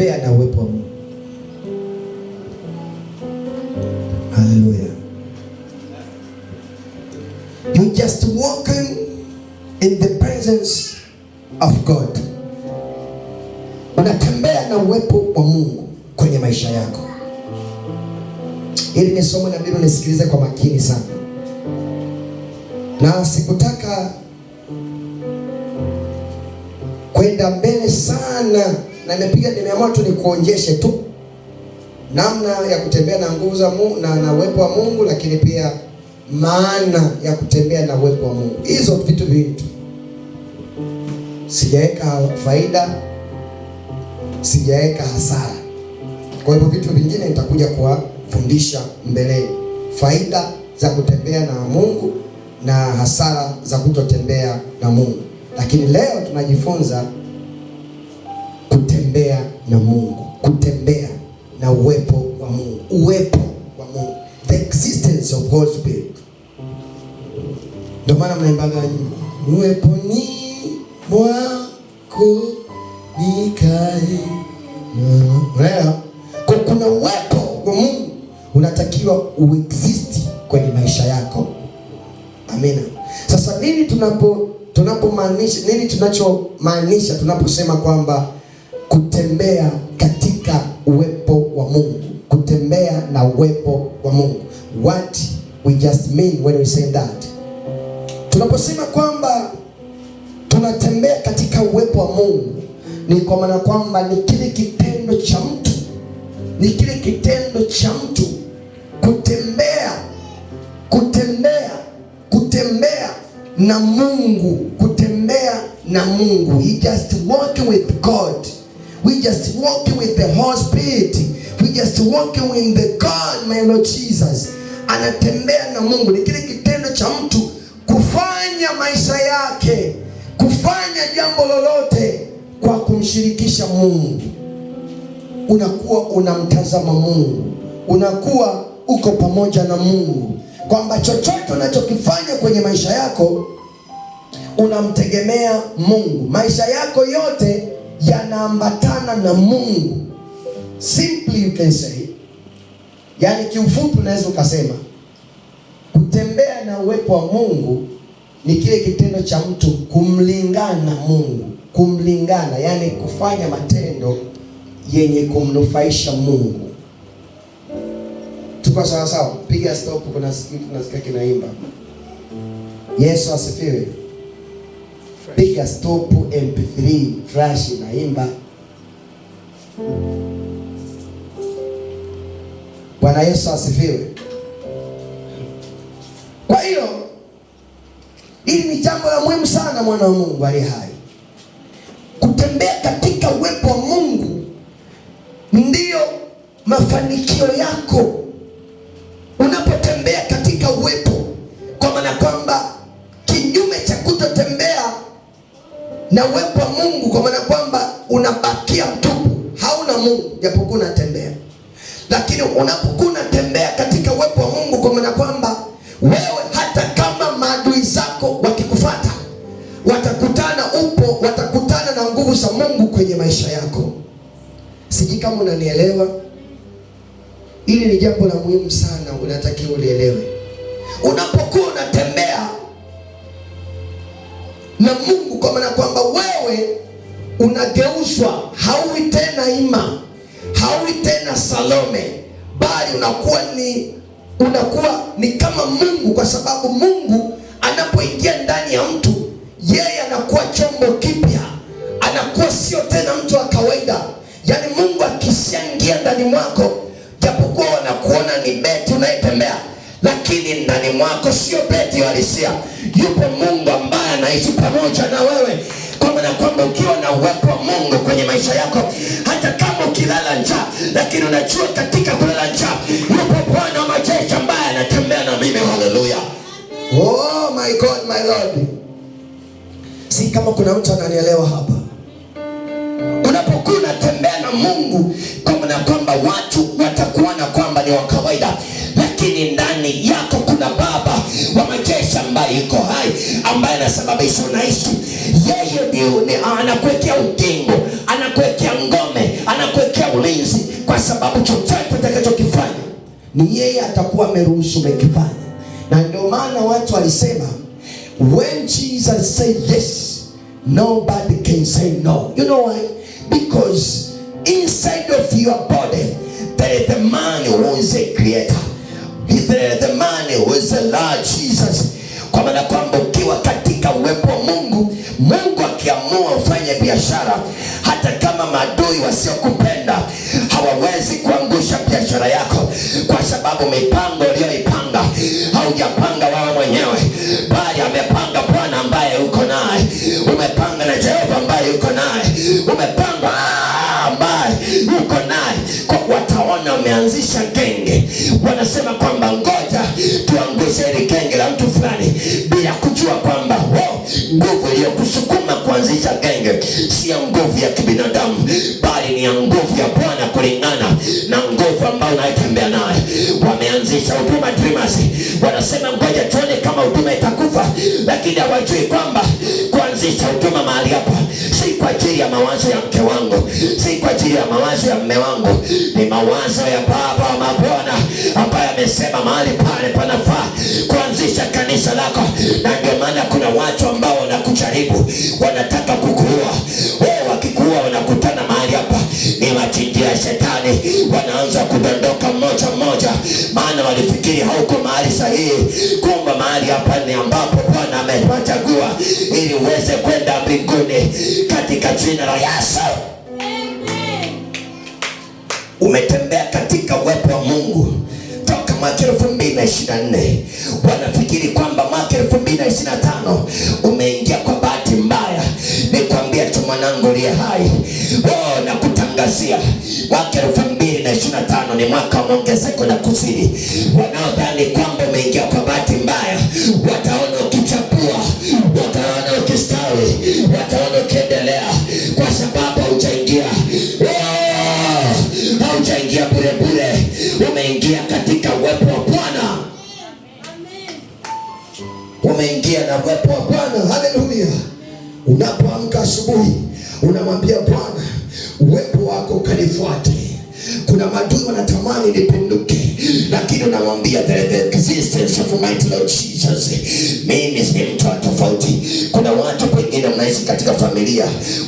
kutembea na uwepo wa Mungu. Haleluya. You just walking in the presence of God. Unatembea na uwepo wa Mungu kwenye maisha yako. Ili ni somo la Biblia, nisikilize kwa makini sana, na sikutaka kwenda mbele sana na nimepiga nimeamua tu nikuonjeshe tu namna ya kutembea na nguvu za Mungu na na uwepo wa Mungu, lakini pia maana ya kutembea na uwepo wa Mungu. Hizo vitu vitu tu, sijaweka faida, sijaweka hasara. Kwa hivyo vitu vingine nitakuja kuwafundisha mbeleni, faida za kutembea na Mungu na hasara za kutotembea na Mungu, lakini leo tunajifunza na Mungu, kutembea na uwepo wa Mungu, uwepo wa Mungu, the existence of God's Spirit. Ndio maana mnaimbaga uwepo ni mwako ni kali unaelewa, kwa kuna uwepo wa Mungu unatakiwa uexist kwenye maisha yako. Amina. Sasa nini tunapo tunapomaanisha nini tunachomaanisha tunaposema kwamba kutembea katika uwepo wa Mungu, kutembea na uwepo wa Mungu. What we just mean when we say that, tunaposema kwamba tunatembea katika uwepo wa Mungu ni kwa maana kwamba ni kile kitendo cha mtu, ni kile kitendo cha mtu kutembea, kutembea, kutembea na Mungu, kutembea na Mungu, he just walking with God We just walk with the Holy Spirit. We just walk with the God, my Lord Jesus. Anatembea na Mungu. Ni kile kitendo cha mtu kufanya maisha yake, kufanya jambo lolote kwa kumshirikisha Mungu. Unakuwa unamtazama Mungu, unakuwa uko pamoja na Mungu, kwamba chochote unachokifanya kwenye maisha yako unamtegemea Mungu, maisha yako yote yanaambatana na Mungu. Simply you can say, yani kiufupi unaweza ukasema kutembea na uwepo wa Mungu ni kile kitendo cha mtu kumlingana Mungu, kumlingana yani kufanya matendo yenye kumnufaisha Mungu. Tuko sawa sawa? Piga stop, kuna kitu nasikia kinaimba. Yesu asifiwe piga stop MP3 flash naimba Bwana Yesu asifiwe. Kwa hiyo hili ni jambo la muhimu sana, mwana wa Mungu ali hai, kutembea katika uwepo wa Mungu ndiyo mafanikio yako unapotembea katika uwepo, kwa maana na uwepo wa Mungu, kwa maana kwamba unabakia mtupu, hauna Mungu japokuwa unatembea. Lakini unapokuwa unatembea katika uwepo wa Mungu, kwa maana kwamba wewe, hata kama maadui zako wakikufata, watakutana upo, watakutana na nguvu za Mungu kwenye maisha yako. Sijui kama unanielewa. Hili ni jambo la muhimu sana, unatakiwa ulielewe unapokuwa unatembea na Mungu, kwa maana kwamba wewe unageuzwa, hauwi tena Ima, hauwi tena Salome, bali unakuwa ni unakuwa ni kama Mungu, kwa sababu Mungu anapoingia ndani ya mtu, yeye anakuwa chombo kipya, anakuwa sio tena mtu wa kawaida. Yaani Mungu akishaingia ndani mwako, japokuwa wanakuona ni beti unayetembea lakini ndani mwako sio beti halisia. Yupo Mungu ambaye anaishi pamoja na wewe, kwa maana kwamba ukiwa na uwepo wa Mungu kwenye maisha yako, hata kama ukilala njaa, lakini unajua katika kulala njaa yupo Bwana wa majeshi ambaye anatembea na mimi. Haleluya! Oh my God, my Lord, si kama kuna mtu ananielewa hapa. Unapokuwa unatembea na Mungu, kwa maana kwamba watu watakuona kwamba ni waka ambaye iko hai, ambaye anasababisha unaishi. Yeye ndio anakuwekea ukingo, anakuwekea ngome, anakuwekea ulinzi, kwa sababu chochote atakachokifanya ni yeye atakuwa ameruhusu umekifanya. Na ndio maana watu walisema when Jesus say yes nobody can say no. You know why? Because inside of your body there is the man who is a creator. There the man who is a Lord Jesus kwa maana kwamba ukiwa katika uwepo wa Mungu, Mungu akiamua ufanye biashara, hata kama maadui wasiokupenda hawawezi kuangusha biashara yako, kwa sababu mipango uliyoipanga haujapanga wao mwenyewe, bali amepanga Bwana ambaye uko naye, umepanga na Jehova ambaye uko naye, umepanga ah, ambaye uko naye. Kwa wataona umeanzisha genge, wanasema kwamba ngoja tuangushe hili genge la nguvu ya kusukuma kuanzisha genge si ya nguvu ya kibinadamu, bali ni ya nguvu ya Bwana kulingana na nguvu ambayo unayetembea naye. Wameanzisha huduma Dreamers, wanasema ngoja tuone kama huduma itakufa, lakini hawajui kwamba kuanzisha huduma mahali hapa si kwa ajili ya mawazo ya mke wangu, si kwa ajili ya mawazo ya mme wangu, ni mawazo ya Baba wa mabwana ambaye amesema mahali pale panafaa kuanzisha kanisa lako, na ndio maana karibu, wanataka kukuua. Wao wakikuua wanakutana mahali hapa, ni machinjio ya shetani, wanaanza kudondoka mmoja mmoja, maana walifikiri hauko mahali sahihi. Kumba mahali hapa ni ambapo Bwana amewachagua ili uweze kwenda mbinguni katika jina la Yesu. Umetembea katika uwepo wa Mungu toka mwaka elfu mbili na na nne. wanafikiri kwamba mwaka elfu mbili na na tano umeingia kwa mbaya, nikwambia tu mwanangu liye hai oh, nakutangazia kutangazia mwaka elfu mbili na ishirini na tano ni mwaka wa ongezeko na kuzidi. Wanaodhani kwamba umeingia kwa bahati mbaya wataona Unapoamka asubuhi, unamwambia Bwana, uwepo wako ukanifuate. Kuna madui wanatamani nipinduke, lakini unamwambia the, the existence of mighty Lord Jesus, mimi ni mtu wa tofauti. Kuna watu pengine mnaishi katika familia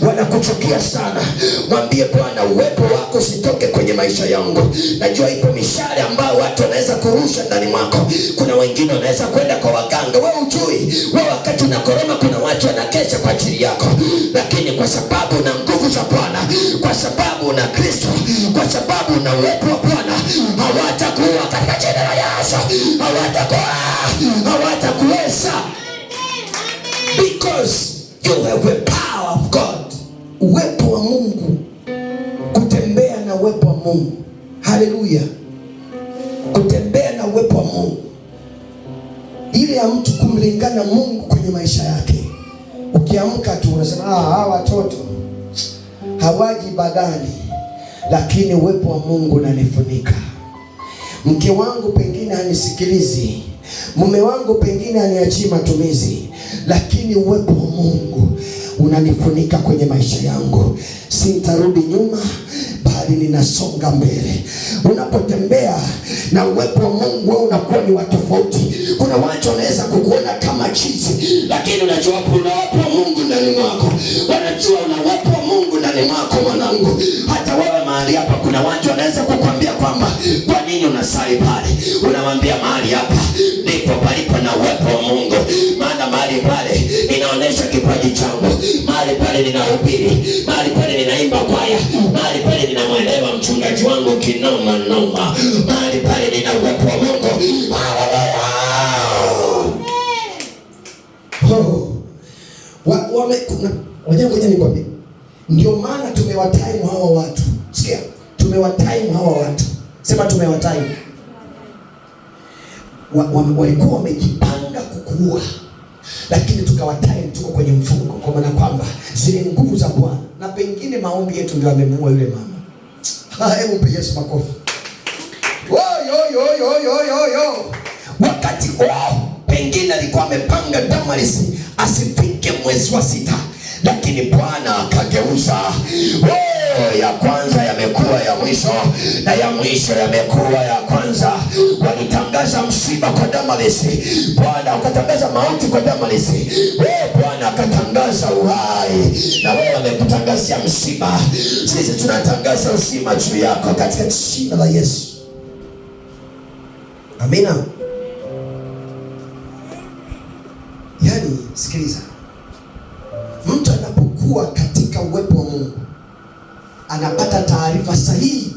wanakuchukia sana, mwambie Bwana, uwepo wako usitoke kwenye maisha yangu. Najua ipo mishale ambayo watu wanaweza kurusha ndani mwako. Kuna wengine wanaweza kwenda kwa waganga, wewe ujui we watu wanakesha kwa ajili yako, lakini kwa sababu na nguvu za Bwana, kwa sababu na Kristo, kwa sababu na uwepo wa Bwana, hawatakuwa katika jina la Yesu, hawatakuwa hawatakuweza, because you have power of God, uwepo wa Mungu, kutembea na uwepo wa Mungu. Haleluya, kutembea na uwepo wa Mungu, ile ya mtu kumlingana Mungu kwenye maisha yake Ukiamka tu unasema ah, hawa watoto hawaji badani, lakini uwepo wa Mungu unanifunika. Mke wangu pengine hanisikilizi, mume wangu pengine haniachii matumizi, lakini uwepo wa Mungu unanifunika kwenye maisha yangu. Sintarudi nyuma, bali ninasonga mbele. Unapotembea na uwepo wa Mungu, wewe unakuwa ni wa tofauti. Kuna watu wanaweza kukuona kama chizi, lakini unajua kuna uwepo wa Mungu ndani mwako, wanajua una uwepo wa Mungu ndani mwako mwanangu. Hata wewe mahali hapa, kuna watu wanaweza kukwambia kwamba kwa nini unasali pale? Unawambia mahali hapa ndipo palipo na uwepo wa Mungu, maana mahali pale inaonesha kipaji changu mahali pale ninahubiri, mahali pale ninaimba kwaya, mahali pale ninamwelewa mchungaji wangu kinoma noma, mahali pale nina uwepo wa Mungu. Ngoja nikwambie, ndio maana tumewataimu hawa watu. Sikia, tumewataimu hawa watu, sema tumewataimu. Walikuwa wamejipanga kukuua lakini tukawa time tuko kwenye mfungo, kwa maana kwamba zile nguvu za Bwana na pengine maombi yetu ndio amemuua yule mama. Hebu mpe Yesu makofi! Wakati oh, pengine alikuwa amepanga Damaris asifike mwezi wa sita lakini Bwana akageuza ya kwanza yamekuwa ya mwisho na ya mwisho yamekuwa ya kwanza. Walitangaza msiba kwa Damalesi, Bwana ukatangaza mauti kwa Damalesi. Oh, Bwana akatangaza uhai, na wewe wamekutangazia msiba. Sisi tunatangaza uzima juu yako katika jina la Yesu, amina. Yani, sikiliza kuwa katika uwepo wa Mungu anapata taarifa sahihi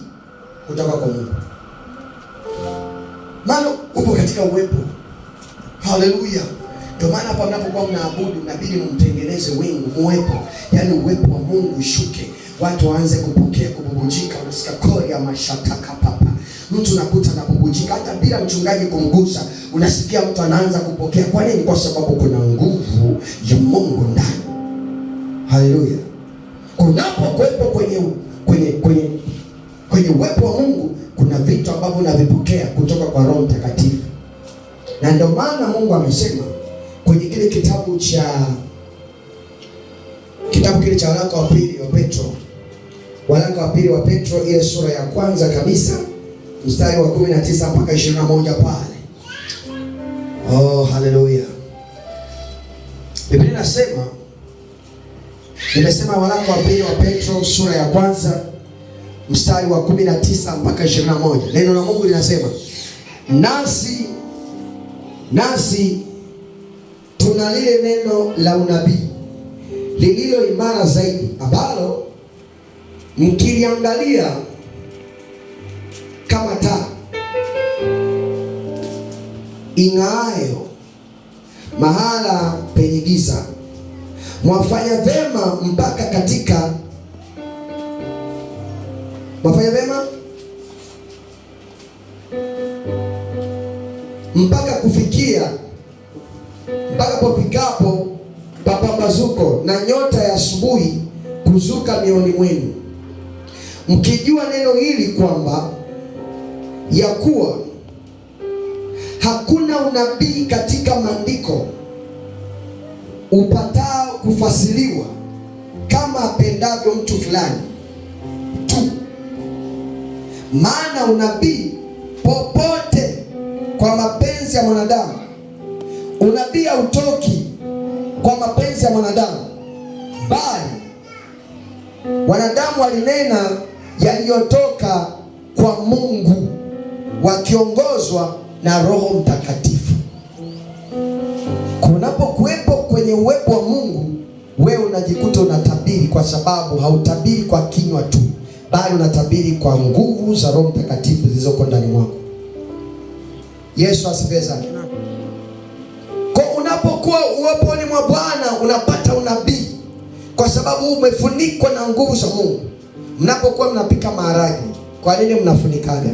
kutoka kwa Mungu, maana upo katika uwepo. Haleluya! Ndio maana hapa mnapokuwa mnaabudu, inabidi mumtengeneze wingu, uwepo, yaani uwepo wa Mungu ushuke, watu waanze kupokea, kububujika. usika kori ya mashataka papa, mtu nakuta anabubujika hata bila mchungaji kumgusa, unasikia mtu anaanza kupokea. Kwa nini? Kwa sababu kuna nguvu ya Mungu ndani Haleluya! Kunapokuwepo kwenye kwenye kwenye kwenye uwepo wa Mungu, kuna vitu ambavyo unavipokea kutoka kwa Roho Mtakatifu, na ndio maana Mungu amesema kwenye kile kitabu cha kitabu kile cha waraka wa pili wa Petro, waraka wa pili wa Petro ile sura ya kwanza kabisa mstari wa 19 mpaka 21 pale. Oh, haleluya! Biblia inasema Nimesema waraka wa pili wa Petro sura ya kwanza mstari wa 19 mpaka 21. Neno la Mungu linasema nasi nasi tuna lile neno la unabii lililo imara zaidi, ambalo mkiliangalia kama taa ing'aayo mahala penye giza mwafanya vema mpaka katika mwafanya vema mpaka kufikia mpaka pofikapo papambazuko na nyota ya asubuhi kuzuka mioni mwenu, mkijua neno hili kwamba ya kuwa hakuna unabii katika maandiko upatao kufasiriwa kama apendavyo mtu fulani tu, maana unabii popote kwa mapenzi ya mwanadamu, unabii hautoki kwa mapenzi ya mwanadamu, bali wanadamu walinena yaliyotoka kwa Mungu wakiongozwa na Roho Mtakatifu. Kunapokuwepo kwenye uwepo unajikuta unatabiri kwa sababu hautabiri kwa kinywa tu, bali unatabiri kwa nguvu za Roho Mtakatifu zilizoko ndani mwako. Yesu asifiwe sana. Kwa unapokuwa uweponi mwa Bwana unapata unabii kwa sababu umefunikwa na nguvu za Mungu. Mnapokuwa mnapika maharage, kwa nini mnafunikaga?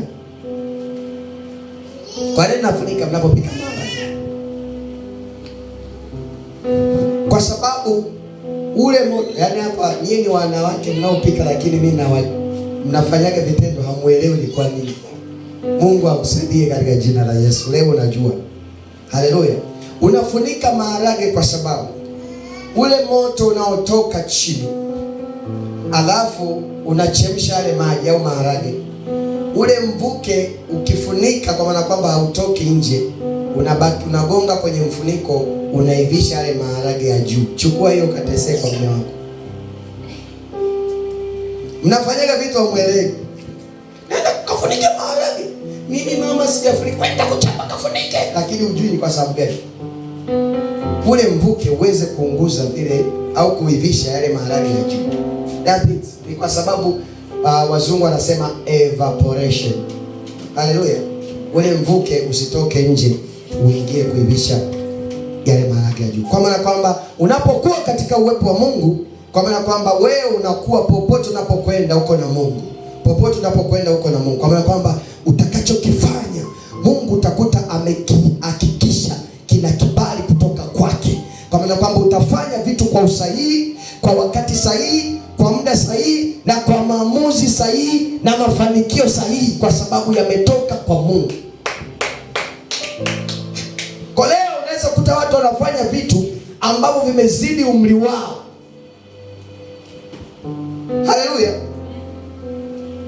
Kwa nini mnafunika mnapopika maharage? Kwa sababu ule moto. Yani hapa ni wanawake mnaopika, lakini mimi mnafanyaga vitendo hamuelewi ni kwa nini. Mungu akusaidie katika jina la Yesu. Leo najua, haleluya. Unafunika maharage kwa sababu ule moto unaotoka chini, alafu unachemsha yale maji au maharage, ule mvuke ukifunika, kwa maana kwamba hautoki nje unabaki unagonga kwenye mfuniko, unaivisha yale maharage ya juu. Chukua hiyo katesee kwa mume wako. Mnafanyaga vitu hamwelewi. Nenda kafunike maharage. Mimi mama sijafuniki kwenda kuchapa kafunike. Lakini ujui ni kwa sababu gani? Ule mvuke uweze kuunguza vile au kuivisha yale maharage ya juu. That it. Ni kwa sababu uh, wazungu wanasema evaporation. Haleluya. Ule mvuke usitoke nje uingie kuivisha yale maharage ya juu, kwa maana kwamba unapokuwa katika uwepo wa Mungu, kwa maana kwamba wewe unakuwa popote unapokwenda uko na Mungu, popote unapokwenda uko na Mungu, kwa maana kwamba utakachokifanya Mungu utakuta amekihakikisha kina kibali kutoka kwake, kwa maana kwamba utafanya vitu kwa usahihi, kwa wakati sahihi, kwa muda sahihi, na kwa maamuzi sahihi na mafanikio sahihi, kwa sababu yametoka kwa Mungu. unakuta watu wanafanya vitu ambavyo vimezidi umri wao. Haleluya!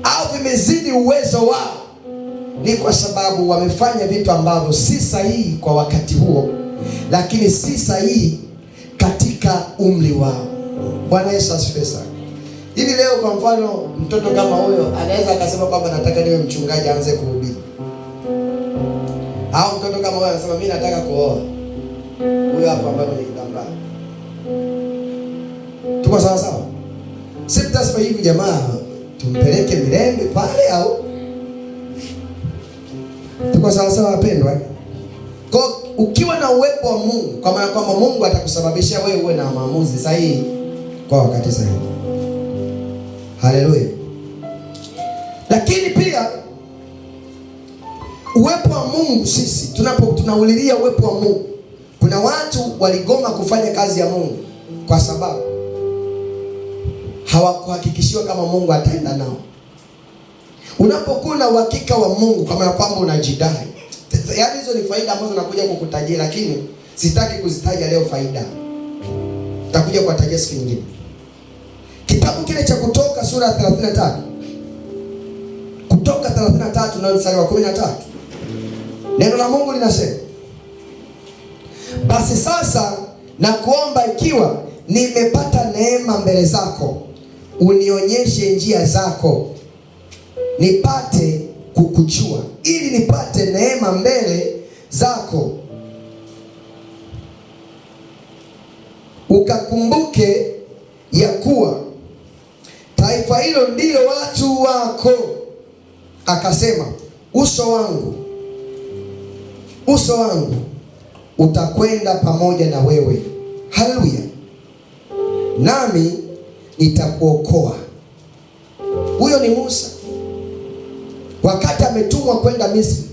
au vimezidi uwezo wao, ni kwa sababu wamefanya vitu ambavyo si sahihi kwa wakati huo, lakini si sahihi katika umri wao. Bwana Yesu asifiwe sana. Hivi leo kwa mfano, mtoto kama huyo anaweza akasema kwamba nataka niwe mchungaji, aanze kuhubiri, au mtoto kama huyo anasema mimi nataka kuoa huyo hapo ambaye kwenye kitambaa. Tuko sawa sawa? Sisi tutasema hivi, jamaa tumpeleke Mirembe pale au tuko sawa sawa, wapendwa? Kwa ukiwa na uwepo wa Mungu, kwa maana kwamba Mungu atakusababishia wewe uwe na maamuzi sahihi kwa wakati sahihi. Haleluya! Lakini pia uwepo wa Mungu, sisi tunapo tunaulilia uwepo wa Mungu kuna watu waligoma kufanya kazi ya Mungu kwa sababu hawakuhakikishiwa kama Mungu ataenda nao. Unapokuwa na uhakika wa Mungu kama kwamba unajidai, yaani hizo ni faida ambazo nakuja kukutajia, lakini sitaki kuzitaja leo. Faida takuja kuwatajia siku nyingine. Kitabu kile cha Kutoka sura ya 33, Kutoka 33 na mstari wa 13, neno la Mungu linasema basi sasa nakuomba, ikiwa nimepata neema mbele zako, unionyeshe njia zako, nipate kukuchua, ili nipate neema mbele zako, ukakumbuke ya kuwa taifa hilo ndiyo watu wako. Akasema, uso wangu, uso wangu utakwenda pamoja na wewe. Haleluya, nami nitakuokoa. Huyo ni Musa wakati ametumwa kwenda Misri.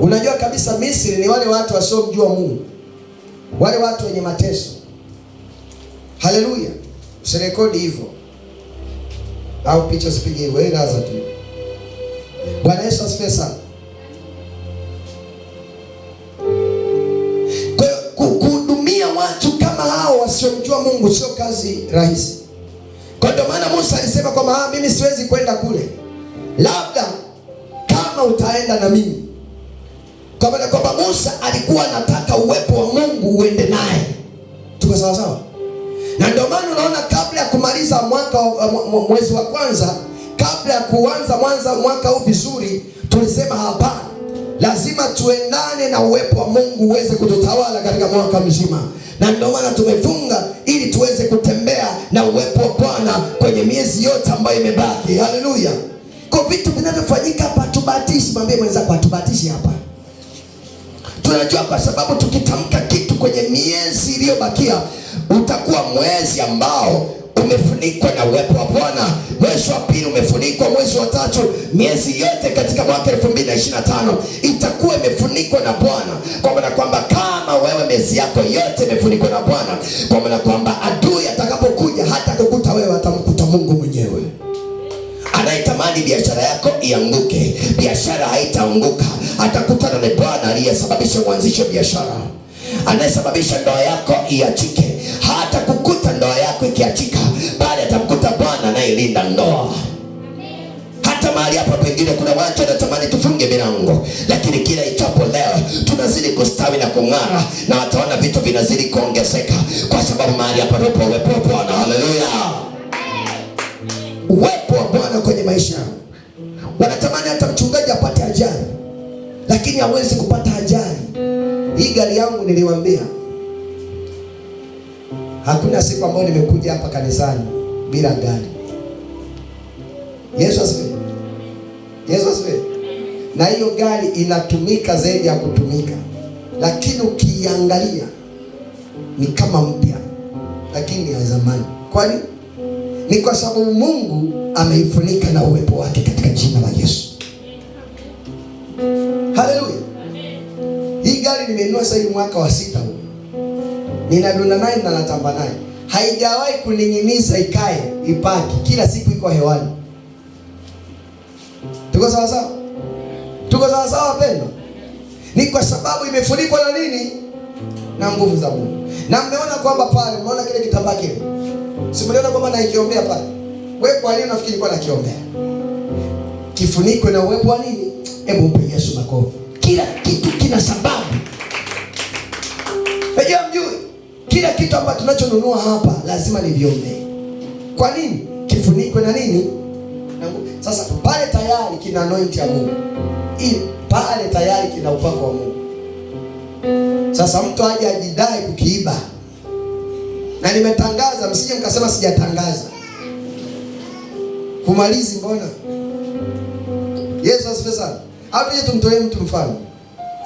Unajua kabisa Misri ni wale watu wasiomjua Mungu, wale watu wenye mateso. Haleluya, usirekodi hivyo au picha sipige, wewe laza tu. Bwana Yesu asifiwe sana. asiyomjua Mungu sio kazi rahisi. Kwa ndio maana Musa alisema kwamba ah, mimi siwezi kwenda kule, labda kama utaenda na mimi, kwa maana kwamba Musa alikuwa anataka uwepo wa Mungu uende naye. Tuko sawa sawa? Na ndio maana unaona kabla ya kumaliza mwaka mwezi wa kwanza, kabla ya kuanza mwanza mwaka huu vizuri, tulisema hapana lazima tuendane na uwepo wa Mungu uweze kututawala katika mwaka mzima, na ndio maana tumefunga ili tuweze kutembea na uwepo wa Bwana kwenye miezi yote ambayo imebaki. Haleluya! Kwa vitu vinavyofanyika hapa tubatishi Mwambie mwenzako hatubahatishi hapa, tunajua kwa sababu tukitamka kitu kwenye miezi iliyobakia utakuwa mwezi ambao umefunikwa na uwepo wa Bwana. Mwezi wa pili umefunikwa, mwezi wa tatu, miezi yote katika mwaka 2025 itakuwa imefunikwa na Bwana, kwa maana kwamba kama wewe miezi yako yote imefunikwa na Bwana, kwa maana kwamba adui atakapokuja hata kukuta wewe, atamkuta Mungu mwenyewe anayetamani biashara yako ianguke. Biashara haitaanguka, atakutana na Bwana aliyesababisha uanzishe biashara, anayesababisha ndoa yako iachike, hata kukuta ndoa yako ikiachika anayelinda ndoa. Hata mahali hapa pengine kuna watu wanatamani tufunge milango, lakini kila itapo leo tunazidi kustawi na kung'ara, na wataona vitu vinazidi kuongezeka, kwa sababu mahali hapa ndipo uwepo wa Bwana. Haleluya! Uwepo wa Bwana kwenye maisha. Wanatamani hata mchungaji apate ajali, lakini hawezi kupata ajali. Hii gari yangu niliwaambia hakuna siku ambayo nimekuja hapa kanisani bila gari. Yesu asifiwe. Yesu asifiwe. Na hiyo gari inatumika zaidi ya kutumika, lakini ukiiangalia ni kama mpya, lakini ni ya zamani. Kwani ni kwa sababu Mungu ameifunika na uwepo wake katika jina la Yesu. Haleluya! Hii gari nimenunua sasa hivi mwaka wa sita huu, ninadunda naye na natamba naye, haijawahi kuning'iniza ikae ipaki, kila siku iko hewani Tuko sawa sawa? Tuko sawa sawa wapendwa? Ni kwa sababu imefunikwa na nini? Na nguvu za Mungu. Na mmeona kwamba pale, mmeona kile kitambaa kile. Si mmeona kwamba naikiombea pale? Wewe kwa nini unafikiri kwa nakiombea? Kifunikwe na uwepo wa nini? Hebu mpe Yesu makofi. Kila kitu kina sababu. Unajua mjui? Kila kitu ambacho tunachonunua hapa lazima ni Kwa nini? Kifunikwe na nini? Sasa pale tayari kina anoint ya Mungu, ili pale tayari kina upako wa Mungu. Sasa mtu aje ajidai kukiiba, na nimetangaza, msije mkasema sijatangaza. Kumalizi mbona Yesu asifiwe sana. Hapo je, tumtolee mtu mfano.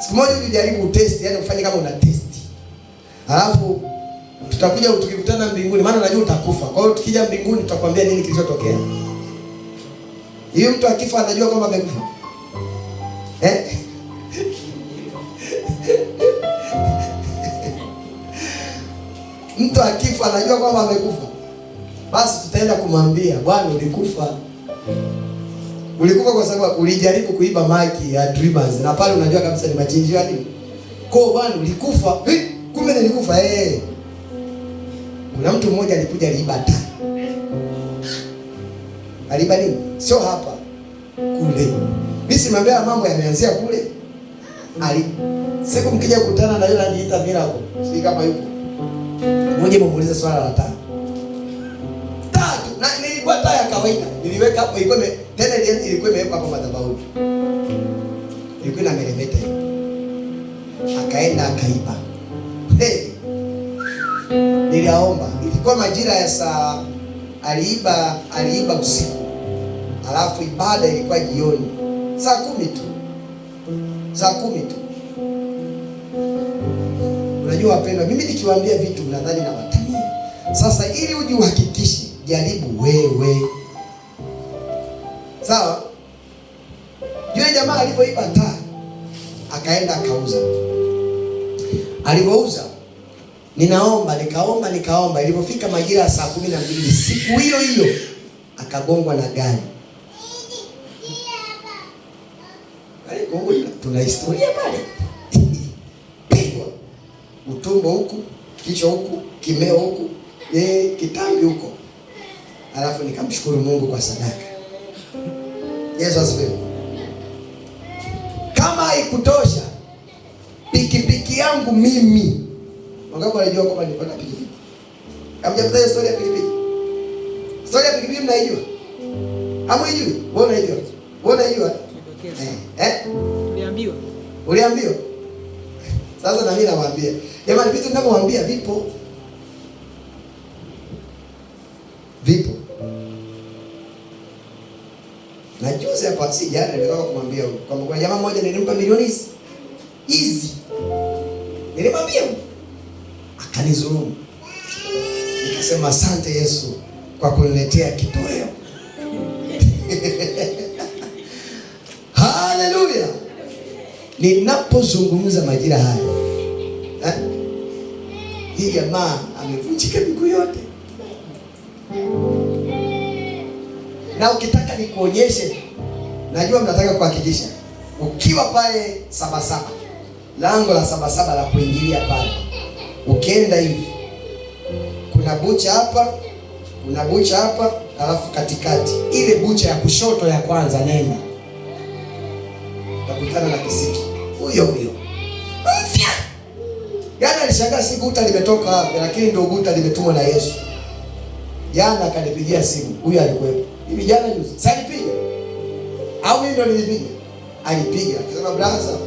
Siku moja ulijaribu utest, yani ufanye kama una test, Alafu tutakuja tukikutana mbinguni, maana najua utakufa. Kwa hiyo tukija mbinguni tutakwambia nini kilichotokea. Hiyo mtu akifa anajua kwamba amekufa eh? mtu akifa anajua kwamba amekufa. Basi tutaenda kumwambia bwana, ulikufa. Ulikufa kwa sababu ulijaribu kuiba maki ya Dreamers, na pale unajua kabisa ni machinjio yani. Kwa bwana, ulikufa eh, kumbe nilikufa eh. Kuna mtu mmoja alikuja aliiba taa alibali sio hapa, kule. Mimi simwambia mambo yameanzia kule. Ali siku mkija kukutana na yule anajiita Miracle, si kama yupo. Mmoja muulize swala la taa. tatu, na nilikuwa taa ya kawaida. Niliweka hapo ilikuwa tena ile ilikuwa imewekwa hapo madhabahu. Ilikuwa na meremeta. Akaenda akaiba. Hey. Niliaomba. Ilikuwa majira ya saa aliiba aliiba usiku. Alafu ibada ilikuwa jioni saa kumi tu, saa kumi tu. Unajua wapendwa, mimi nikiwaambia vitu mnadhani na Sasa ili ujihakikishe, jaribu wewe, sawa? Yule jamaa alivyoiba taa akaenda akauza, alivyouza ninaomba nikaomba nikaomba, ilipofika majira ya saa kumi na mbili siku hiyo hiyo akagongwa na gari Kuna historia pale pigwa utumbo huku, kichwa huku, kimeo huku, e, kitambi huko, alafu nikamshukuru Mungu kwa sadaka. Yesu asifiwe. Kama haikutosha pikipiki yangu mimi, wangapo wanajua kwamba nilipata pikipiki? Hamjapata hiyo story ya pikipiki? Story ya pikipiki mnaijua? Hamuijui? Wewe unaijua? Wewe unaijua? Eh? eh? Uliambiwa? Uliambiwa? Sasa na mimi nawaambia. Jamani vitu ninavyowaambia vipo. Vipo. Na juzi hapa si jana nilikuwa kumwambia kwamba kuna jamaa mmoja nilimpa milioni hizi. Hizi. Nilimwambia akanizulumu. Nikasema asante Yesu kwa kuniletea kitoweo. ninapozungumza majira haya eh, Hii jamaa amevunjika miguu yote, na ukitaka nikuonyeshe, najua mnataka kuhakikisha, ukiwa pale Sabasaba, lango la Sabasaba la kuingilia pale, ukienda hivi, kuna bucha hapa, kuna bucha hapa, alafu katikati ile bucha ya kushoto ya kwanza, nenda utakutana na kisiki huyo huyo mpya. Jana alishangaa si guta limetoka wapi, lakini ndio guta limetumwa na Yesu. Jana akanipigia simu, huyo alikuwepo hivi jana juzi, sanipiga au mimi ndo nilipiga? Alipiga akasema brother,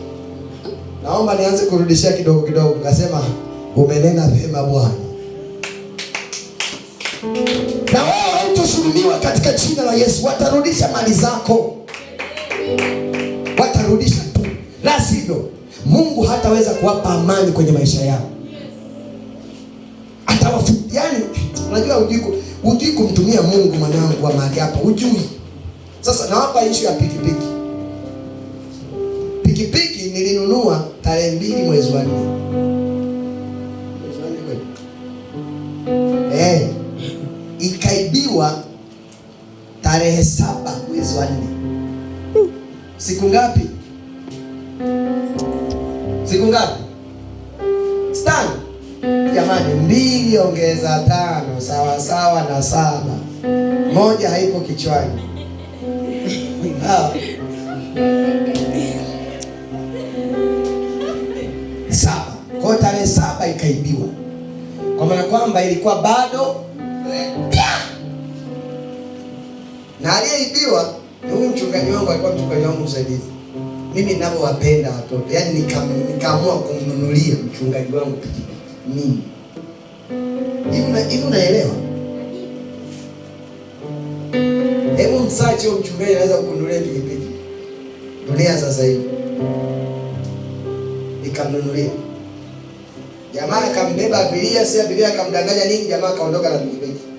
naomba nianze kurudishia kidogo kidogo. Nikasema umenena vema Bwana, na wao katika jina la Yesu, watarudisha mali zako, watarudisha la sivyo Mungu hataweza kuwapa amani kwenye maisha yao. atawafuyani. unajua hujui hujui kumtumia Mungu mwanangu wa mahali hapa, hujui. Sasa nawapa ishu ya pikipiki. Pikipiki nilinunua tarehe mbili mwezi wa nne eh, ikaibiwa tarehe saba mwezi wa nne. Siku ngapi? Siku ngapi? Tano. Jamani, mbili ongeza tano sawa sawa na saba. Moja haipo kichwani. Saba. Kwa tarehe saba ikaibiwa, kwa maana kwamba ilikuwa bado na aliyeibiwa ni huyu mchungaji wangu, alikuwa mchungaji wangu msaidizi mimi ninavyowapenda watoto, yaani nikaamua kumnunulia mchungaji wangu pikipiki mimi. Hivi unaelewa? Hebu msache huyo mchungaji anaweza kununulia pikipiki dunia sasa hivi, nikamnunulia. Jamaa akambeba abiria, si abiria akamdanganya nini, jamaa akaondoka na pikipiki.